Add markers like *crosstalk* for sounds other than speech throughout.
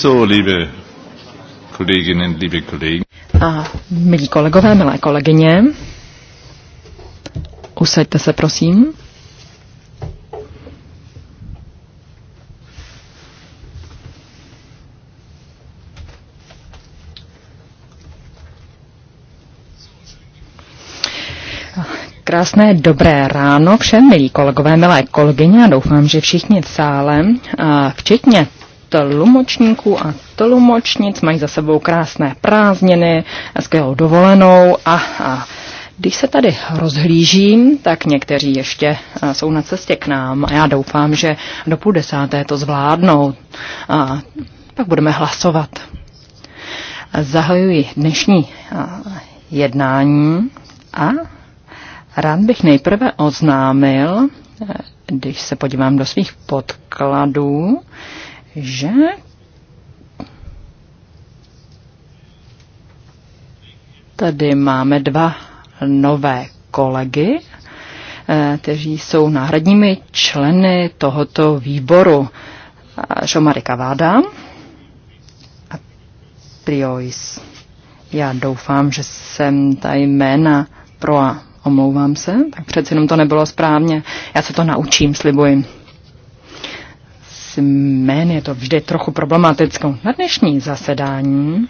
So, liebe Kolleginnen, liebe Kollegen. A milí kolegové, milé kolegyně, usaďte se prosím. krásné dobré ráno všem, milí kolegové, milé kolegyně a doufám, že všichni v sále, včetně tlumočníků a tlumočnic, mají za sebou krásné prázdniny, skvělou dovolenou a, a když se tady rozhlížím, tak někteří ještě jsou na cestě k nám a já doufám, že do půl desáté to zvládnou a pak budeme hlasovat. Zahajuji dnešní jednání a rád bych nejprve oznámil, když se podívám do svých podkladů, že tady máme dva nové kolegy, eh, kteří jsou náhradními členy tohoto výboru. Šomary Kaváda a Priois. Já doufám, že jsem ta jména pro a omlouvám se, tak přeci jenom to nebylo správně. Já se to naučím, slibuji si jmén, je to vždy trochu problematickou. Na dnešní zasedání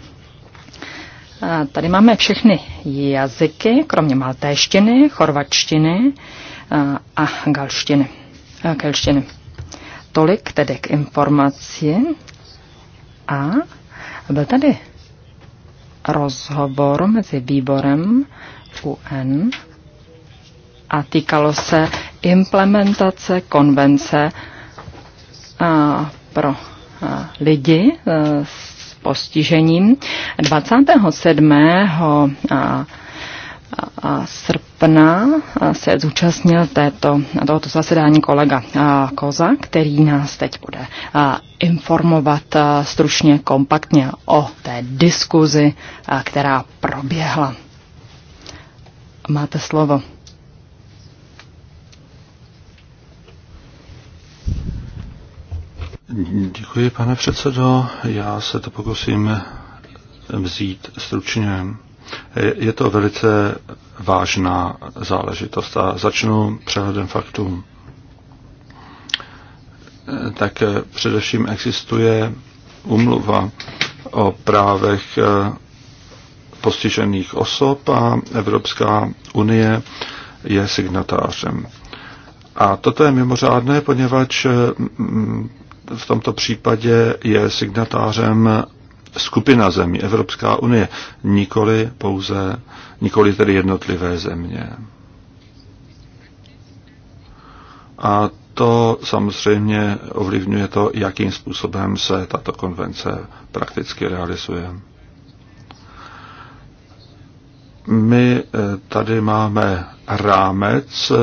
a tady máme všechny jazyky, kromě maltéštiny, chorvačtiny a galštiny. A kelštiny. Tolik tedy k informaci. A byl tady rozhovor mezi výborem UN a týkalo se implementace konvence pro lidi e, s postižením. 27. srpna se zúčastnil této, tohoto zasedání kolega Koza, který nás teď bude informovat stručně, kompaktně o té diskuzi, která proběhla. Máte slovo. Děkuji, pane předsedo. Já se to pokusím vzít stručně. Je to velice vážná záležitost a začnu přehledem faktů. Tak především existuje umluva o právech postižených osob a Evropská unie je signatářem. A toto je mimořádné, poněvadž v tomto případě je signatářem skupina zemí, Evropská unie, nikoli pouze, nikoli tedy jednotlivé země. A to samozřejmě ovlivňuje to, jakým způsobem se tato konvence prakticky realizuje my eh, tady máme rámec, eh,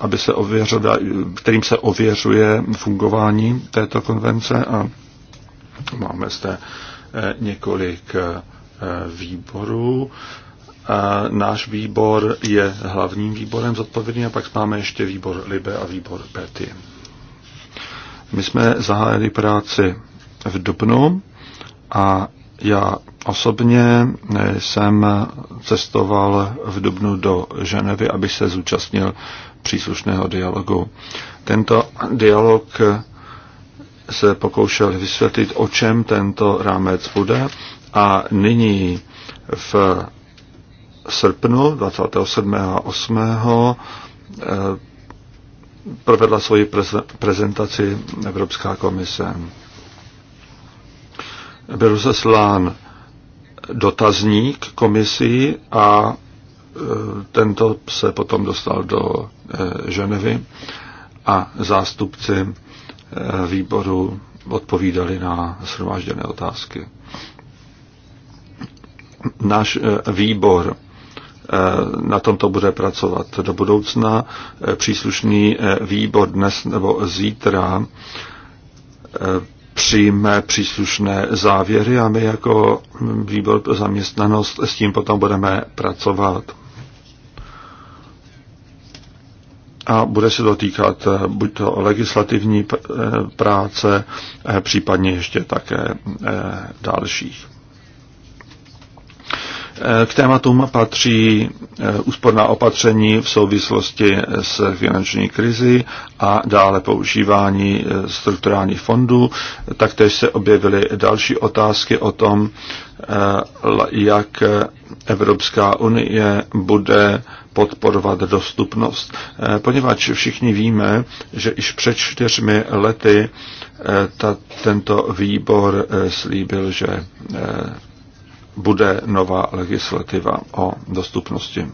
aby se ověřoda, kterým se ověřuje fungování této konvence a máme zde eh, několik výborů. Náš výbor je hlavním výborem zodpovědný a pak máme ještě výbor Libe a výbor Pety. My jsme zahájili práci v Dubnu a já Osobně eh, jsem cestoval v Dubnu do Ženevy, aby se zúčastnil příslušného dialogu. Tento dialog se pokoušel vysvětlit, o čem tento rámec bude a nyní v srpnu 27.8. Eh, provedla svoji prezentaci Evropská komise. Byl zeslán dotazník komisí a e, tento se potom dostal do e, Ženevy a zástupci e, výboru odpovídali na shromážděné otázky. Náš výbor na tomto bude pracovat do budoucna. Příslušný výbor dnes nebo zítra přijme příslušné závěry a my jako výbor pro zaměstnanost s tím potom budeme pracovat. A bude se dotýkat eh, buď to legislativní eh, práce, eh, případně ještě také dalších. Eh, k tématům patří eh, úsporná opatření v souvislosti s finanční krizi a dále používání eh, strukturálních fondů. Taktéž se objevily další otázky o tom, jak Evropská unie bude podporovat dostupnost. Poněvadž všichni víme, že již před čtyřmi lety ta, tento výbor slíbil, že bude nová legislativa o dostupnosti.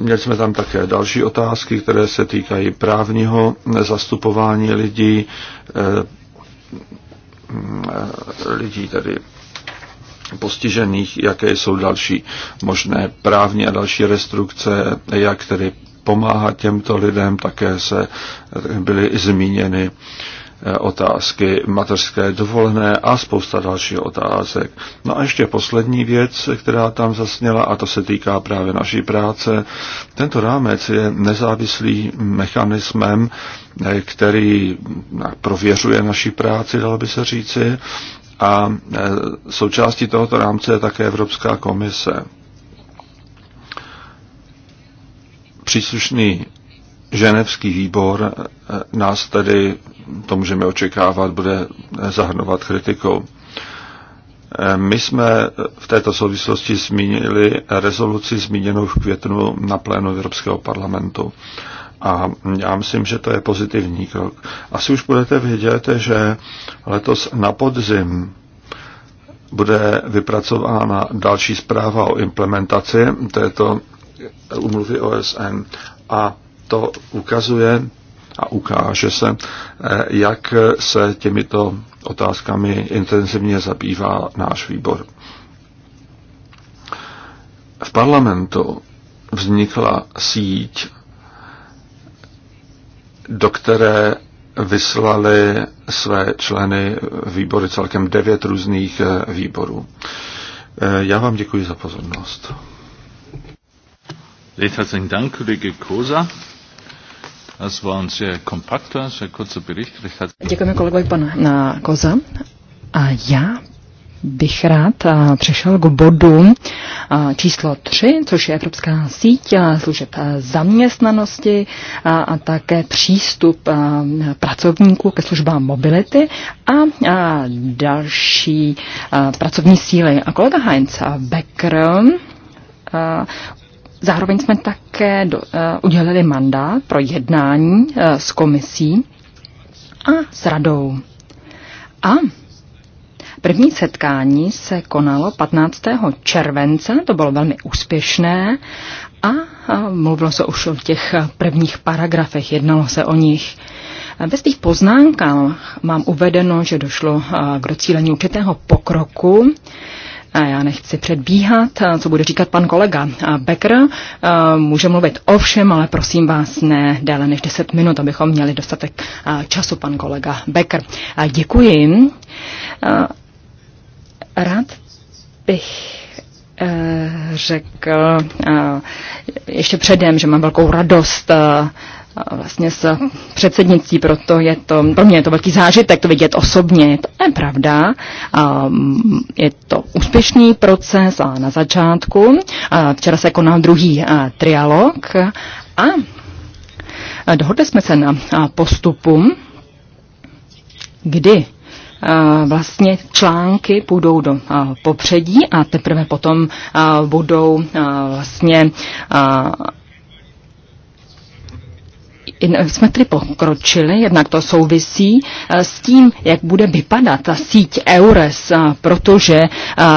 Měli jsme tam také další otázky, které se týkají právního zastupování lidí, eh, mm, lidí tedy postižených, jaké jsou další možné právní a další restrukce, jak tedy pomáhat těmto lidem, také se byly zmíněny Eh, otázky mateřské dovolené a spousta dalších otázek. No a ještě poslední věc, která tam zasněla, a to se týká právě naší práce. Tento rámec je nezávislý mechanismem, eh, který prověřuje naši práci, dalo by se říci, a eh, součástí tohoto rámce je také Evropská komise. Příslušný ženevský výbor nás tedy to můžeme očekávat, bude zahrnovat kritikou. My jsme v této souvislosti zmínili rezoluci zmíněnou v květnu na plénu Evropského parlamentu. A já myslím, že to je pozitivní krok. Asi už budete vědět, že letos na podzim bude vypracována další zpráva o implementaci této umluvy OSN. A to ukazuje, a ukáže se, eh, jak se těmito otázkami intenzivně zabývá náš výbor. V parlamentu vznikla síť, do které vyslali své členy výbory celkem devět různých eh, výborů. Eh, já vám děkuji za pozornost. Herzlichen Dank, Kollege Kosa. Děkujeme kolegovi pan eh, Koza. A já bych rád eh, přešel k bodu eh, číslo 3, což je Evropská síť služeb zaměstnanosti a, a také přístup pracovníků ke službám mobility a, a další pracovní síly. A kolega Heinz Becker Zároveň jsme také do, uh, udělili mandát pro jednání uh, s komisí a s radou. A první setkání se konalo 15. července, to bylo velmi úspěšné a uh, mluvilo se už o těch prvních paragrafech, jednalo se o nich. Ve svých poznámkách mám uvedeno, že došlo eh, k docílení určitého pokroku. Já nechci předbíhat, co bude říkat pan kolega Becker. Může mluvit o všem, ale prosím vás ne déle než 10 minut, abychom měli dostatek času, pan kolega Becker. Děkuji. Rád bych e, řekl ještě předem, že mám velkou radost vlastně s předsednictví, proto je to, pro mě je to velký zážitek to vidět osobně, to je pravda. Mm, je to úspěšný proces a na začátku. Včera se konal druhý trialog a dohodli jsme se na postupu, kdy vlastně články půjdou do popředí a teprve potom budou vlastně Eh, jsme tedy pokročili, jednak to souvisí eh, s tím, jak bude vypadat ta síť EURES, eh, protože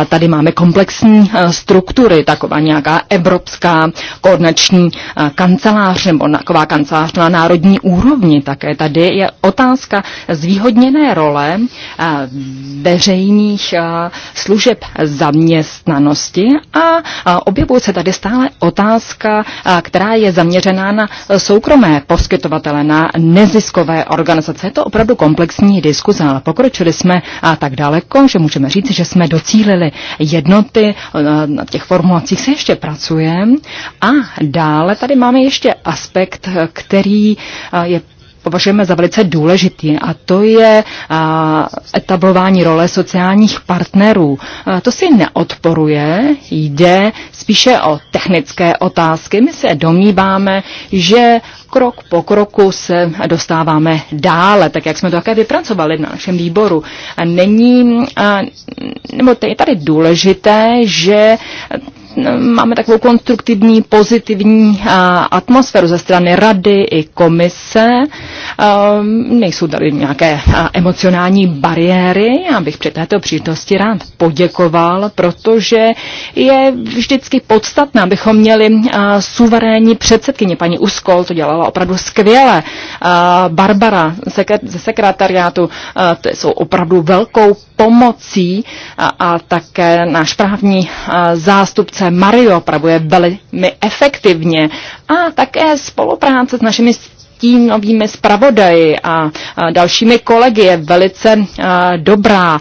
tady máme komplexní struktury, taková nějaká evropská koordinační kancelář nebo taková kancelář na národní úrovni. Také tady je otázka zvýhodněné role veřejných služeb zaměstnanosti a objevuje se tady stále otázka, která je zaměřená na soukromé poskytování poskytovatele na neziskové organizace. Je to opravdu komplexní diskuze, ale pokročili jsme a tak daleko, že můžeme říct, že jsme docílili jednoty, eh, na těch formulacích se ještě pracujeme. A dále tady máme ještě aspekt, který eh, je považujeme za velice důležitý a to je a, eh, etablování role sociálních partnerů. A, to si neodporuje, jde spíše o technické otázky. My se domníváme, že krok po kroku se dostáváme dále, tak jak jsme to také vypracovali na našem výboru. není, nebo je tady důležité, že máme takovou konstruktivní, pozitivní atmosféru ze strany rady i komise. Nejsou tady nějaké emocionální bariéry. Já bych při této příležitosti rád poděkoval, protože je vždycky podstatné, abychom měli suverénní předsedkyně. Paní Uskol to dělala opravdu skvěle. Barbara ze sekretariátu to jsou opravdu velkou pomocí a, a také náš právní zástupce se Mario opravuje velmi efektivně a také spolupráce s našimi stínovými zpravodaji a, a dalšími kolegy je velice a, dobrá.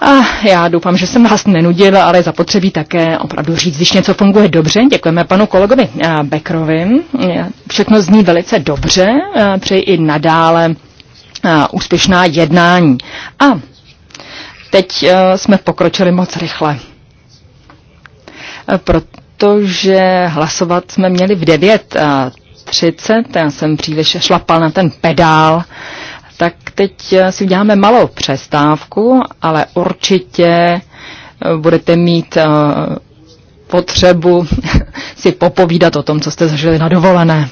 A já doufám, že jsem vás nenudil, ale zapotřebí také opravdu říct, když něco funguje dobře. Děkujeme panu kolegovi Bekrovi. Všechno zní velice dobře. Přeji i nadále úspěšná jednání. A teď jsme pokročili moc rychle. Eh, protože hlasovat jsme měli v 9.30, já jsem příliš šlapal na ten pedál, tak teď eh, si uděláme malou přestávku, ale určitě eh, budete mít potřebu *laughs* si popovídat o tom, co jste zažili na dovolené.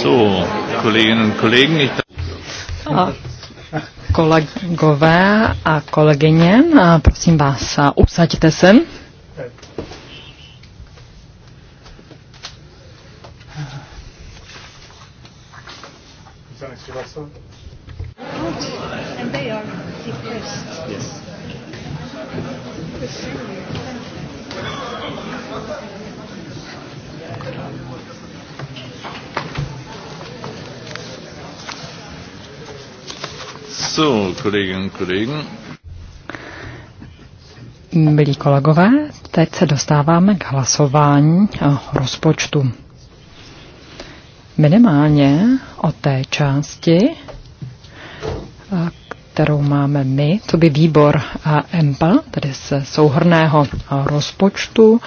So, Kolleginnen und Kollegen, ich a kolegové a kolegyně, prosím vás, usaďte se. Kolleginnen und Kollegen. Milí kolegové, teď se dostáváme k hlasování o rozpočtu. Minimálně o té části, kterou máme my, co by výbor EMPA, tedy se souhrného rozpočtu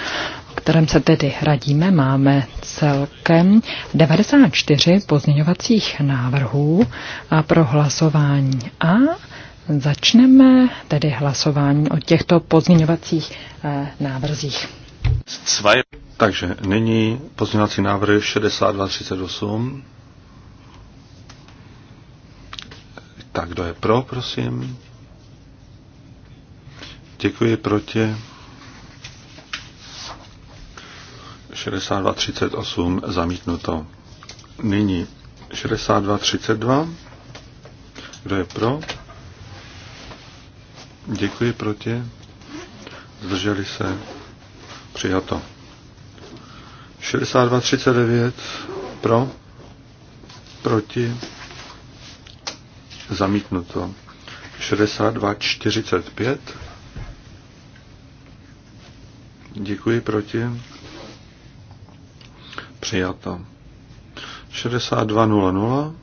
kterém se tedy radíme, máme celkem 94 pozměňovacích návrhů a pro hlasování. A začneme tedy hlasování o těchto pozměňovacích eh, návrzích. Takže nyní pozměňovací návrh 6238. Tak kdo je pro, prosím? Děkuji proti. 6238 zamítnuto. Nyní 6232. Kdo je pro? Děkuji proti. Zdrželi se. Přijato. 6239 pro. Proti. Zamítnuto. 6245. Děkuji proti Přijato. 62.00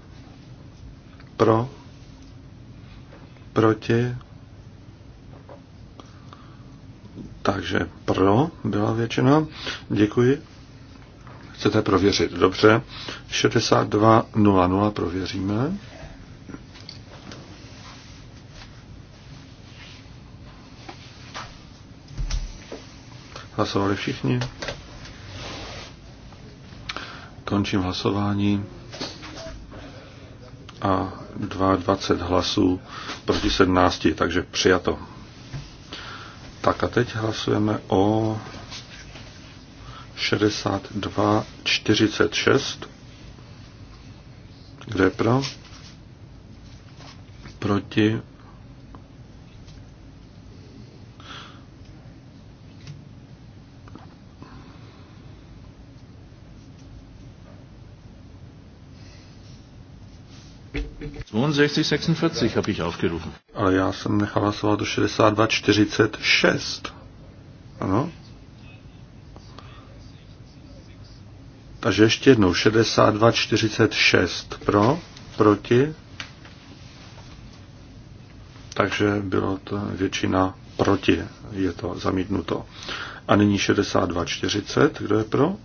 pro, proti, takže pro byla většina. Děkuji. Chcete prověřit? Dobře. 62.00 prověříme. Hlasovali všichni? Končím hlasování. A 22 hlasů proti 17, takže přijato. Tak a teď hlasujeme o 62, 46. Kde je pro? Proti 66, 46 habe ich aufgerufen. Ale já jsem nechal hlasovat do 62, 46. Ano? Takže ještě jednou 62, 46 pro, proti. Takže bylo to většina proti, je to zamítnuto. A nyní 62, 40, kdo je pro?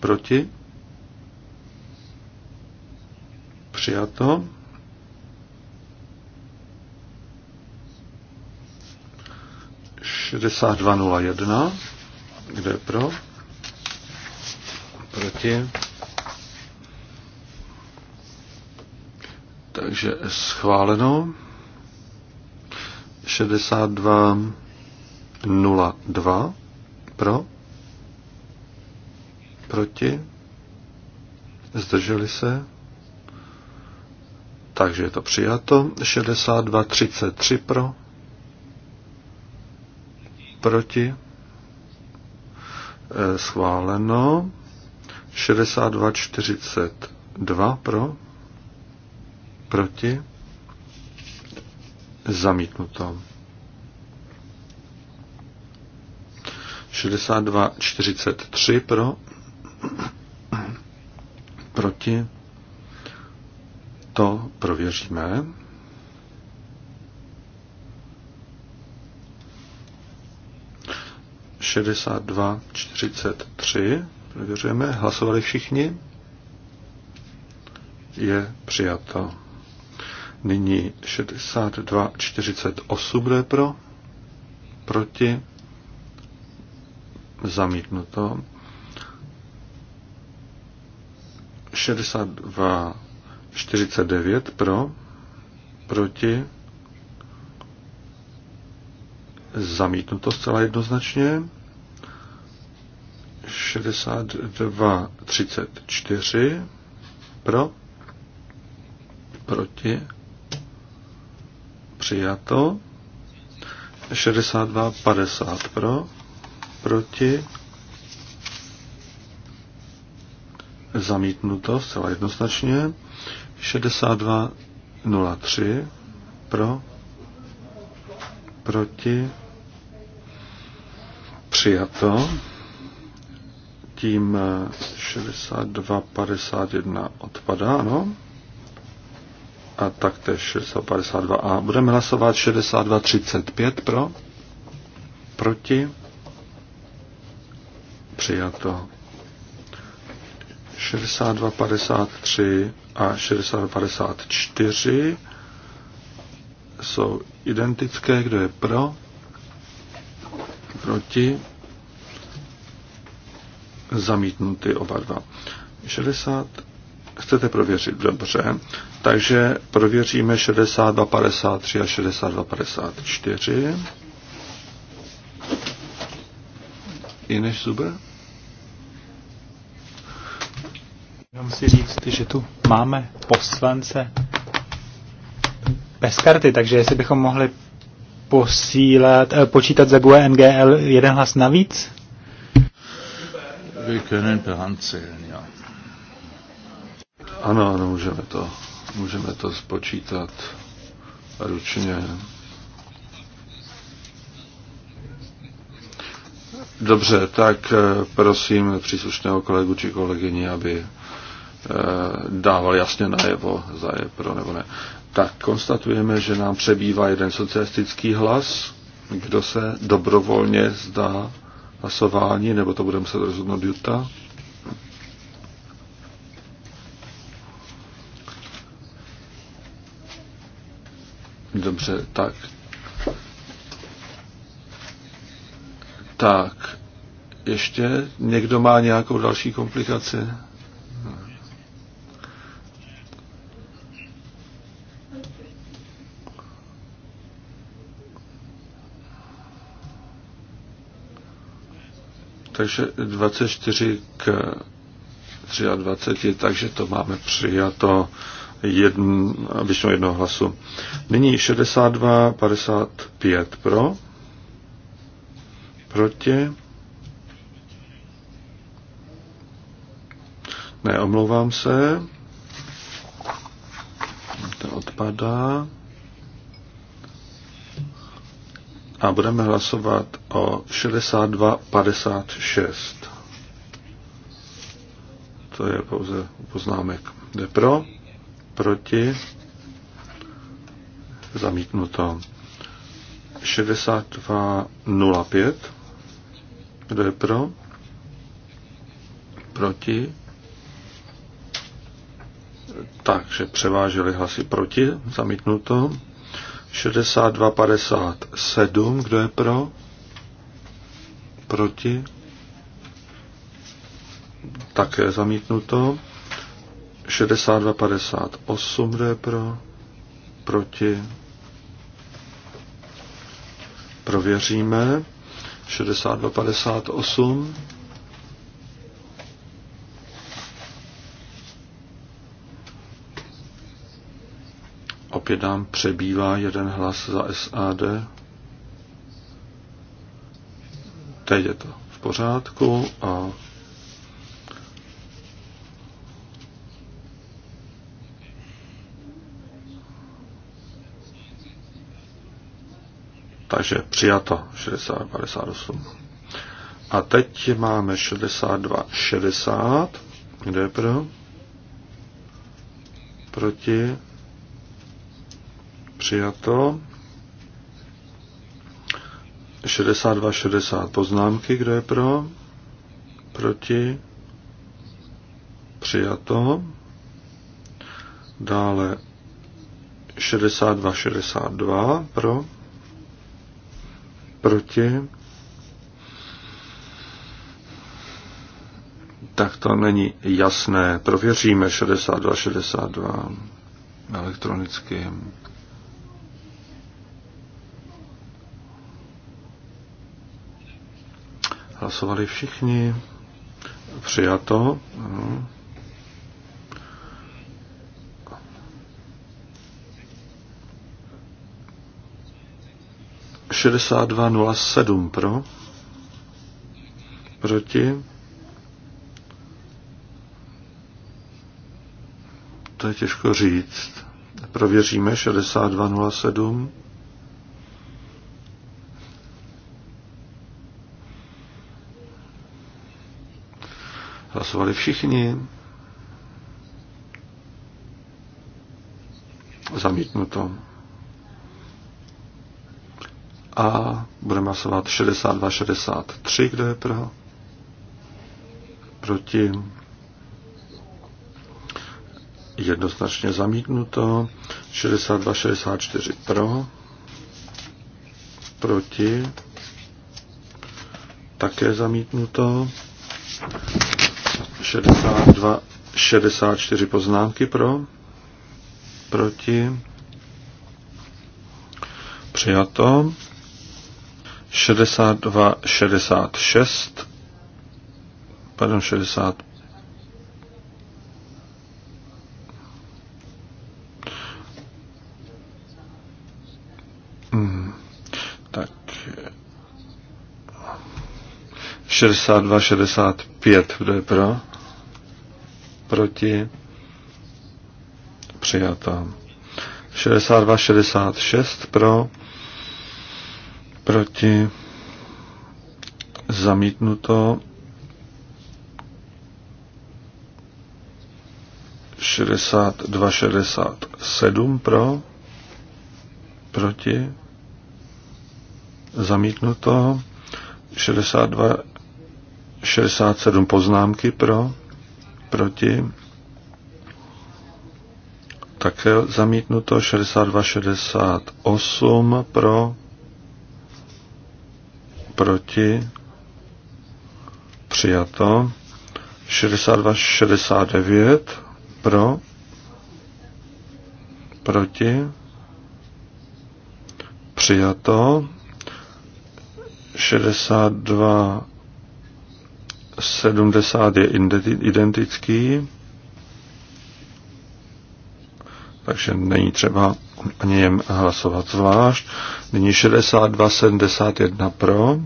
Proti? přijato. Šedesát jedna. Kde je pro? Proti. Takže schváleno. 6202 pro, proti, zdrželi se, takže je to přijato. 62.33 pro. Proti. Eh, schváleno. 62.42 pro. Proti. Zamítnuto. 62.43 pro. Proti to prověříme. Šedesát dva, čtyřicet tři. Prověřujeme. Hlasovali všichni? Je přijato. Nyní osm. Kdo je pro, proti, zamítnuto. 62, 49 pro, proti, zamítnuto zcela jednoznačně. 62, 34 pro, proti, přijato. 62, 50 pro, proti, zamítnuto zcela jednoznačně. 6203 pro, proti, přijato. Tím 6251 eh, odpadá, ano. A taktéž 652a. Budeme hlasovat 6235 pro, proti, přijato. 6253 a 6254 jsou identické, kdo je pro, proti, zamítnuty oba dva. 60, chcete prověřit, dobře, takže prověříme 6253 a 6254. Ineš Zuber? Já musím říct, že tu máme poslance bez karty, takže jestli bychom mohli posílat, eh, počítat za GUE NGL jeden hlas navíc? Wir können per Hand zählen, ja. Ano, ano, můžeme to, můžeme to spočítat ručně. Dobře, tak eh, prosím příslušného kolegu či kolegyni, aby Eh, dával jasně najevo, za je pro nebo ne. Tak konstatujeme, že nám přebývá jeden socialistický hlas, kdo se dobrovolně zdá hlasování, nebo to bude muset rozhodnout Juta. Dobře, tak. Tak, ještě někdo má nějakou další komplikaci? takže 24 k 23, takže to máme přijato jedn, většinou jednoho hlasu. Nyní 62, 55 pro, proti, ne, omlouvám se, to odpadá. a budeme hlasovat o 62.56. To je pouze poznámek. Jde pro, proti, zamítnuto. 62.05. Kdo je pro? Proti? Takže převážely hlasy proti, zamítnuto. 62,57. Kdo je pro? Proti? Také zamítnuto. 62,58. Kdo je pro? Proti? Prověříme. 62,58. opět nám přebývá jeden hlas za SAD. Teď je to v pořádku a Takže přijato 6058. A teď máme 6260. Kde je pro? Proti přijato. 62, 60 poznámky, kdo je pro, proti, přijato. Dále 62, 62 pro, proti. Tak to není jasné. Prověříme 62, 62 elektronicky. Hlasovali všichni. Přijato. Ano. Šedesát dva nula sedm pro. Proti. To je těžko říct. Prověříme 6207. Hlasovali všichni. Zamítnuto. A budeme hlasovat 62, 63, kdo je pro. Proti. Jednoznačně zamítnuto. 62, 64 pro. Proti. Také zamítnuto. 62, 64 poznámky pro, proti, přijato. 62, 66, pardon, 60, hmm. tak 62, 65, kdo je pro? proti, přijata. 62, 66 pro, proti, zamítnuto. 62, 67 pro, proti, zamítnuto. 62, 67 poznámky pro, proti, také zamítnuto 62-68 pro, proti, přijato 62-69 pro, proti, přijato 62 70 je identický, takže není třeba o něm hlasovat zvlášť. Nyní 62, 71 pro,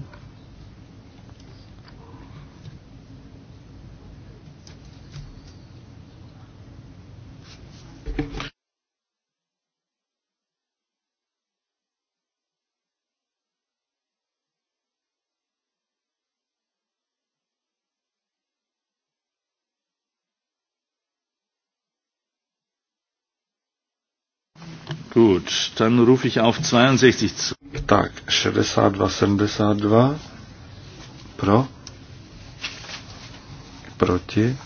Gut, dann rufe ich auf 62 zu. Tak, 62, 72. Pro. Proti.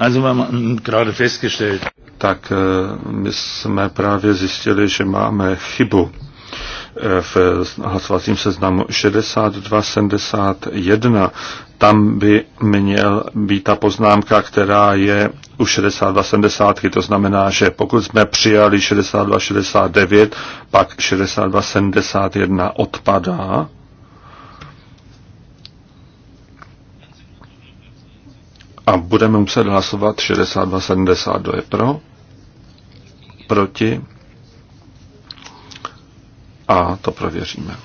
Also wir haben gerade festgestellt, tak eh, my jsme právě zjistili, že máme chybu eh, v hlasovacím seznamu 6271. Tam by měl být ta poznámka, která je u 6270. To znamená, že pokud jsme přijali 6269, pak 6271 odpadá. A budeme muset hlasovat 6272. je pro? proti a to prověříme.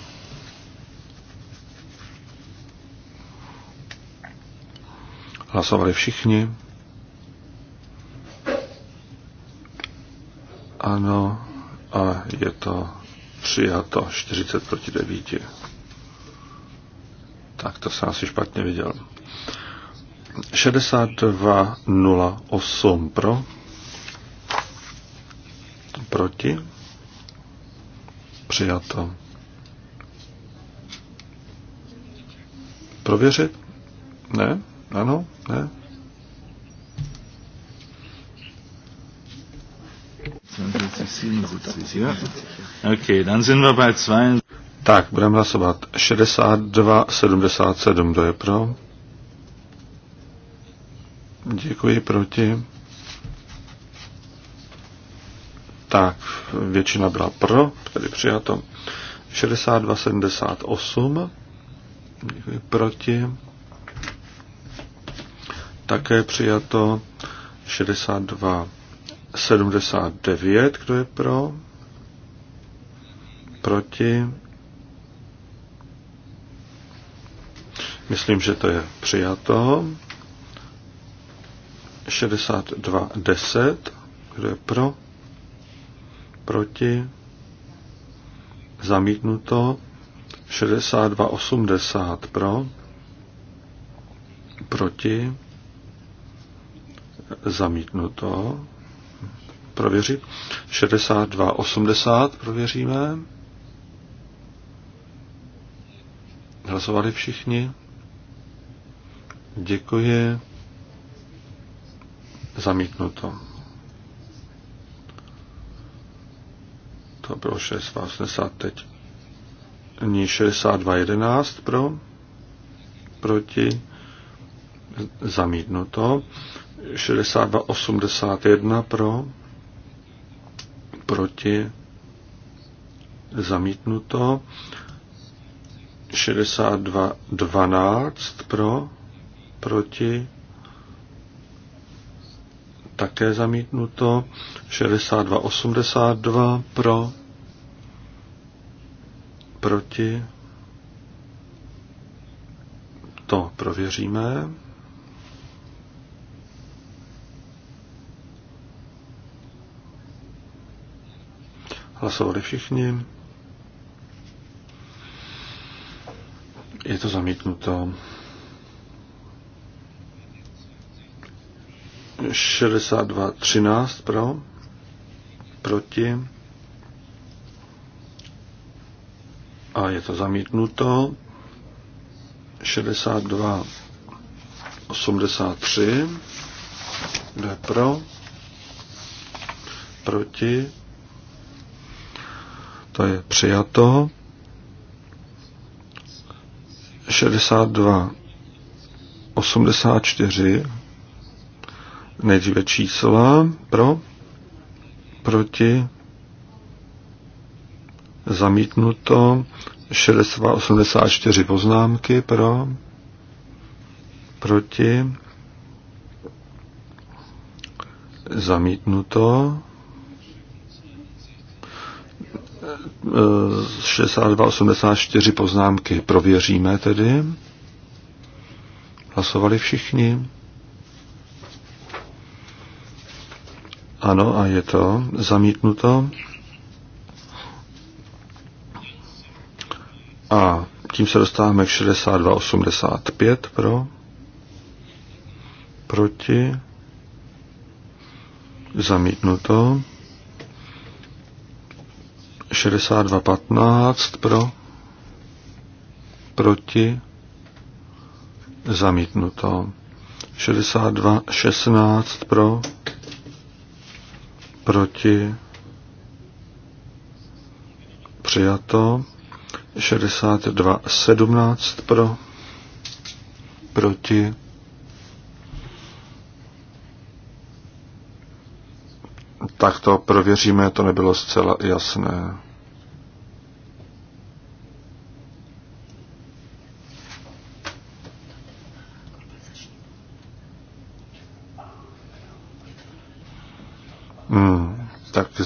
Hlasovali všichni. Ano, a je to přijato 40 proti 9. Tak to jsem asi špatně viděl. 62.08 pro Proti? Přijato. Prověřit? Ne? Ano? Ne? Okay, dann sind wir bei zwei. Tak, budeme hlasovat 62, 77, kdo je pro? Děkuji, proti. tak většina byla pro, tedy přijato. 62,78 proti, také přijato 62,79, kdo je pro, proti, myslím, že to je přijato, 62,10, kdo je pro, proti, zamítnuto, 62,80 pro, proti, zamítnuto, prověřit, 62,80 prověříme, hlasovali všichni, děkuji, zamítnuto. to bylo 6,80 teď. Ní 62,11 pro, proti, zamítnuto. 62,81 pro, proti, zamítnuto. 62,12 pro, proti, také zamítnuto. 62,82 pro, proti. To prověříme. Hlasovali všichni. Je to zamítnuto. 62.13 pro, proti a je to zamítnuto. 62.83 jde pro, proti, to je přijato. 62, 84 Nejdříve čísla pro, proti, zamítnuto, 684 poznámky pro, proti, zamítnuto, 62, poznámky prověříme tedy. Hlasovali všichni. Ano, a je to zamítnuto. A tím se dostáváme k 62,85 pro, proti, zamítnuto, 62,15 pro, proti, zamítnuto, 62,16 pro, proti, přijato, 62, 17 pro, proti, tak to prověříme, to nebylo zcela jasné.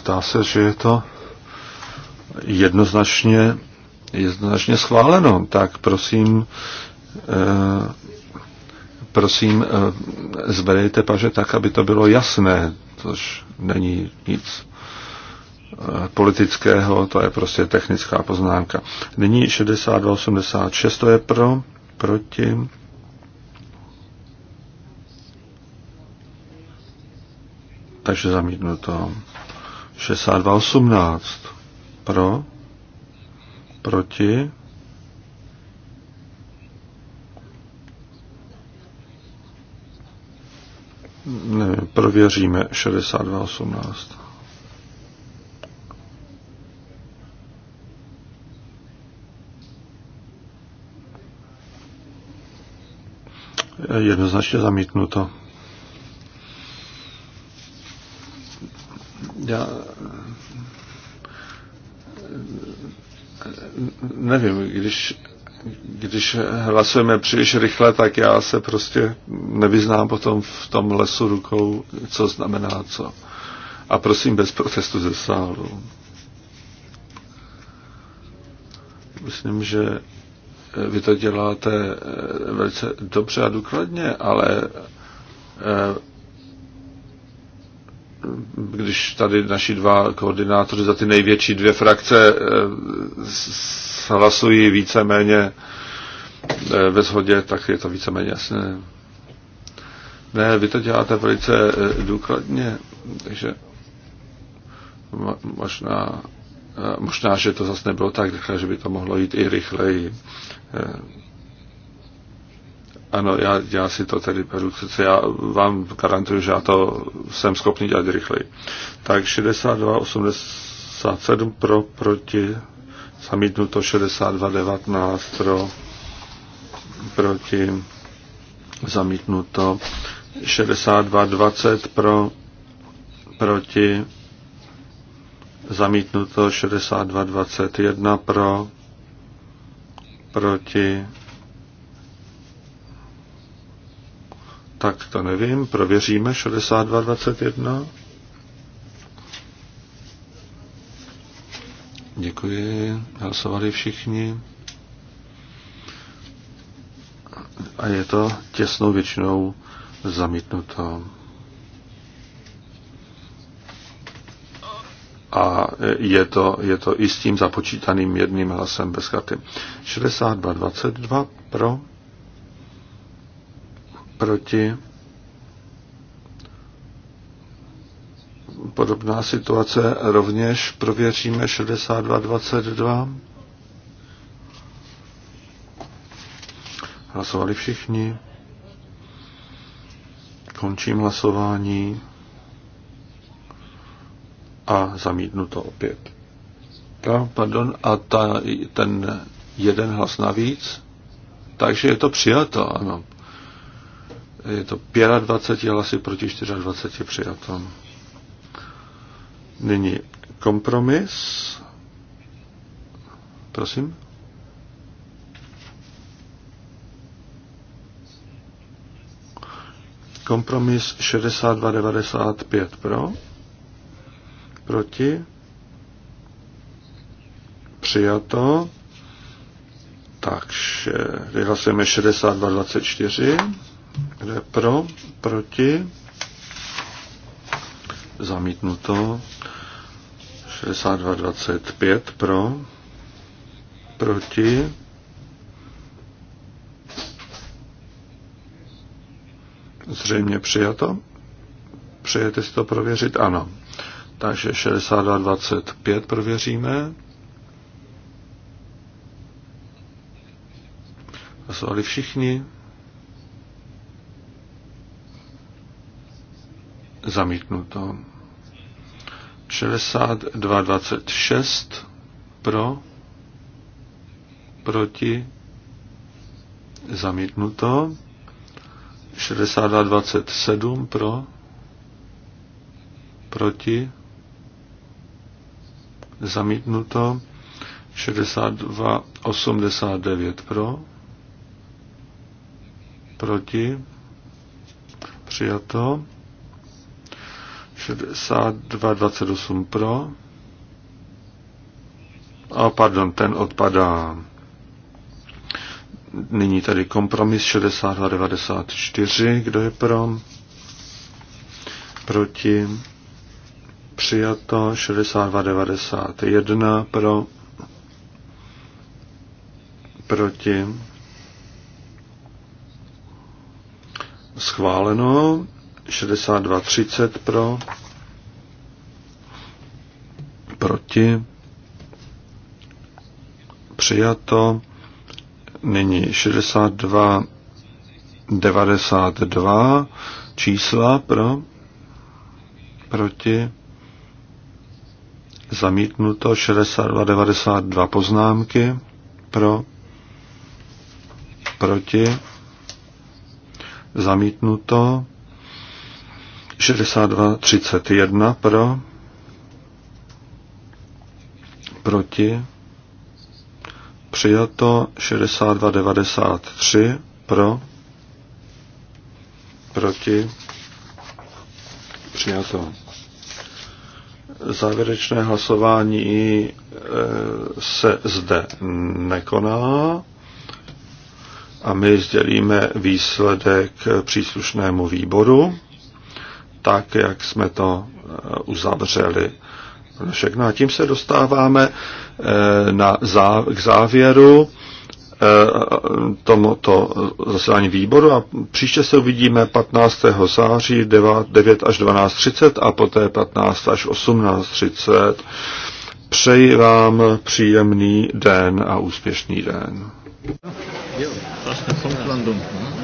zdá se, že je to jednoznačně, jednoznačně schváleno. Tak prosím, eh, prosím, eh, zvedejte paže tak, aby to bylo jasné, což není nic eh, politického, to je prostě technická poznámka. Nyní 62,86, to je pro, proti. Takže zamítnu to. 62.18. Pro. Proti. Ne, prověříme 62.18. Jednoznačně zamítnuto. Já nevím, když, když hlasujeme příliš rychle, tak já se prostě nevyznám potom v tom lesu rukou, co znamená co. A prosím bez protestu ze sálu. Myslím, že vy to děláte eh, velice dobře a důkladně, ale eh, když tady naši dva koordinátoři za ty největší dvě frakce eh, hlasují víceméně eh, ve shodě, tak je to víceméně jasné. Ne, vy to děláte velice eh, důkladně, takže možná, eh, možná, že to zase nebylo tak rychle, že by to mohlo jít i rychleji. Ano, já, já si to tedy beru, já vám garantuju, že já to jsem schopný dělat rychleji. Tak 62, 87 pro, proti, Zamítnuto 62.19 pro, proti, zamítnuto 62.20 pro, proti, zamítnuto 62.21 pro, proti, tak to nevím, prověříme 62.21. Děkuji. Hlasovali všichni. A je to těsnou většinou zamítnuto. A je to, je to i s tím započítaným jedním hlasem bez karty. 62, 22 pro, proti, podobná situace rovněž prověříme 6222. Hlasovali všichni. Končím hlasování a zamítnu to opět. No, pardon, a ta, ten jeden hlas navíc, takže je to přijato, ano. Je to 25 hlasy proti 24 přijatom. Nyní kompromis. Prosím. Kompromis 6295 pro. Proti. Přijato. Takže vyhlasujeme 6224. Kde pro? Proti. Zamítnuto. 6225 pro, proti, zřejmě přijato. Přijete si to prověřit? Ano. Takže 6225 prověříme. Hlasovali všichni. Zamítnuto. 62,26 pro, proti, zamítnuto. 62,27 pro, proti, zamítnuto. 62,89 pro, proti, přijato. 62,28 pro. A pardon, ten odpadá. Nyní tady kompromis 62,94. Kdo je pro? Proti. Přijato 62,91 pro. Proti. Schváleno 62.30 pro, proti, přijato, nyní 62.92 čísla pro, proti, zamítnuto 62.92 poznámky pro, proti, zamítnuto 62.31 pro, proti, přijato 62.93 pro, proti, přijato. Závěrečné hlasování e, se zde nekoná a my sdělíme výsledek příslušnému výboru tak, jak jsme to eh, uzavřeli. Všechno. No a tím se dostáváme eh, na, zá, k závěru eh, tomuto zasedání výboru a příště se uvidíme 15. září 9, 9 až 12.30 a poté 15 až 18.30. Přeji vám příjemný den a úspěšný den. Jo, vlastně